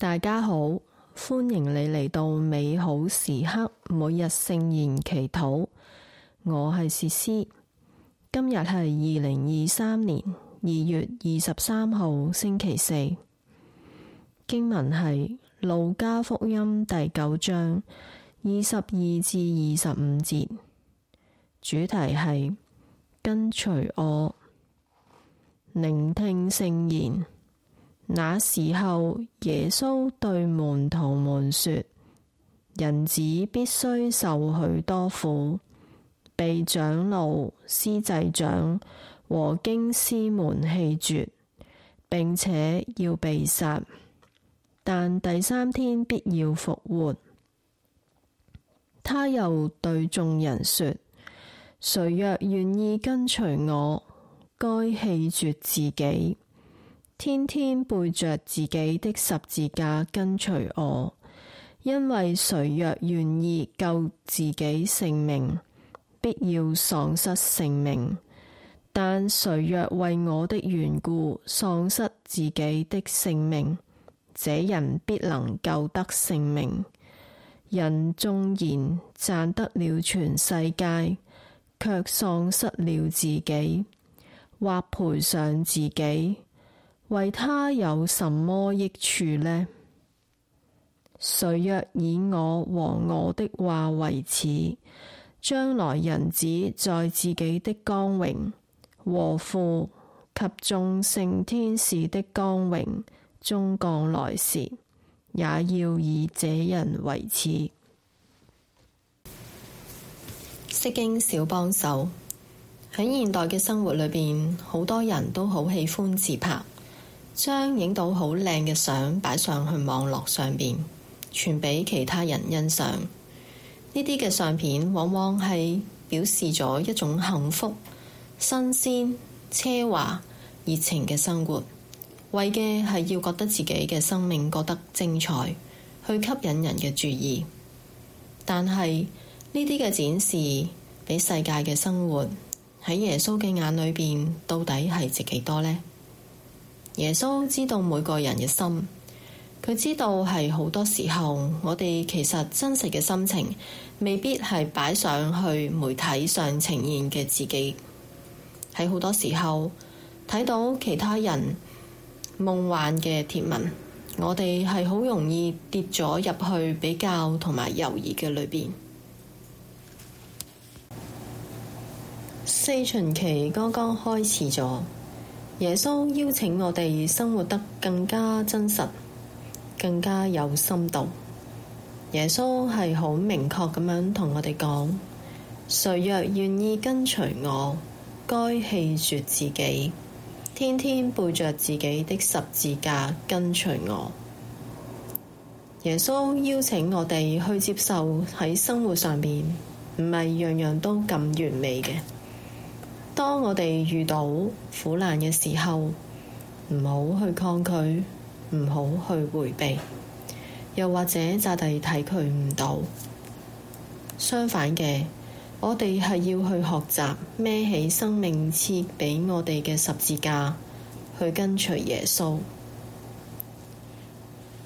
大家好，歡迎你嚟到美好時刻每日聖言祈禱。我係薛絲，今日係二零二三年二月二十三號星期四。經文係《路加福音》第九章二十二至二十五節，主題係跟隨我，聆聽聖言。那時候，耶穌對門徒們說：人子必須受許多苦，被長老、司祭長和經師們棄絕，並且要被殺，但第三天必要復活。他又對眾人說：誰若願意跟隨我，該棄絕自己。天天背着自己的十字架跟隨我，因為誰若願意救自己性命，必要喪失性命；但誰若為我的緣故喪失自己的性命，這人必能救得性命。人縱然賺得了全世界，卻喪失了自己，或賠上自己。為他有什麼益處呢？誰若以我和我的話為恥，將來人子在自己的光榮和父及眾聖天使的光榮中降來時，也要以這人為恥。釋經小幫手，喺現代嘅生活裏邊，好多人都好喜歡自拍。將影到好靚嘅相擺上去網絡上邊，傳俾其他人欣賞。呢啲嘅相片往往係表示咗一種幸福、新鮮、奢華、熱情嘅生活，為嘅係要覺得自己嘅生命覺得精彩，去吸引人嘅注意。但係呢啲嘅展示，俾世界嘅生活喺耶穌嘅眼裏邊，到底係值幾多呢？耶穌知道每個人嘅心，佢知道係好多時候，我哋其實真實嘅心情未必係擺上去媒體上呈現嘅自己。喺好多時候睇到其他人夢幻嘅貼文，我哋係好容易跌咗入去比較同埋猶豫嘅裏邊。四旬期剛剛開始咗。耶穌邀請我哋生活得更加真實、更加有深度。耶穌係好明確咁樣同我哋講：「誰若願意跟隨我，該棄絕自己，天天背着自己的十字架跟隨我」。耶穌邀請我哋去接受喺生活上面唔係樣樣都咁完美嘅。當我哋遇到苦難嘅時候，唔好去抗拒，唔好去回避，又或者咋地睇佢唔到。相反嘅，我哋係要去學習孭起生命賜俾我哋嘅十字架，去跟隨耶穌。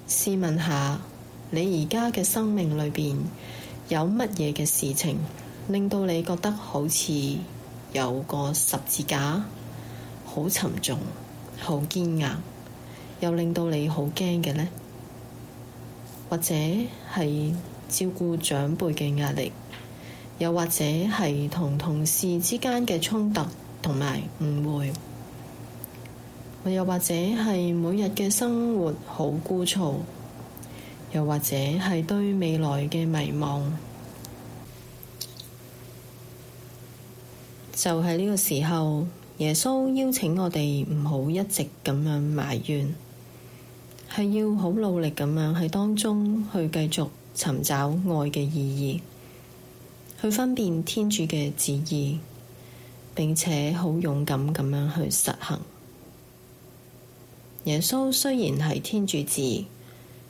試問下你而家嘅生命裏邊有乜嘢嘅事情，令到你覺得好似？有個十字架，好沉重，好堅硬，又令到你好驚嘅呢？或者係照顧長輩嘅壓力，又或者係同同事之間嘅衝突同埋誤會，又或者係每日嘅生活好枯燥，又或者係對未來嘅迷茫。就係呢個時候，耶穌邀請我哋唔好一直咁樣埋怨，係要好努力咁樣喺當中去繼續尋找愛嘅意義，去分辨天主嘅旨意，並且好勇敢咁樣去實行。耶穌雖然係天主子，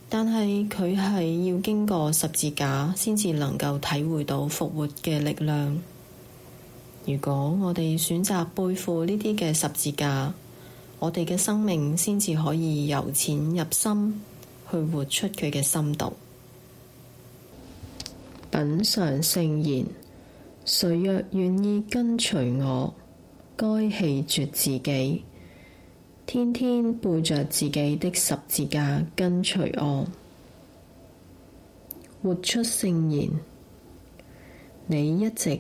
但係佢係要經過十字架，先至能夠體會到復活嘅力量。如果我哋選擇背負呢啲嘅十字架，我哋嘅生命先至可以由淺入深去活出佢嘅深度，品嘗聖言。誰若願意跟隨我，該棄絕自己，天天背着自己的十字架跟隨我，活出聖言。你一直。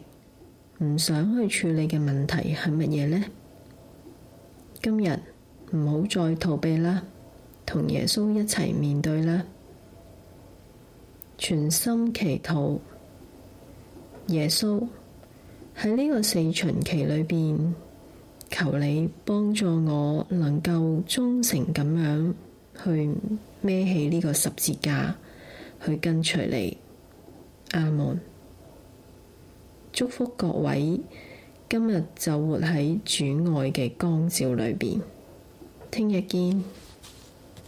唔想去處理嘅問題係乜嘢呢？今日唔好再逃避啦，同耶穌一齊面對啦，全心祈禱。耶穌喺呢個四旬期裏邊，求你幫助我能夠忠誠咁樣去孭起呢個十字架，去跟隨你。阿門。祝福各位今日就活喺主愛嘅光照裏邊，聽日見。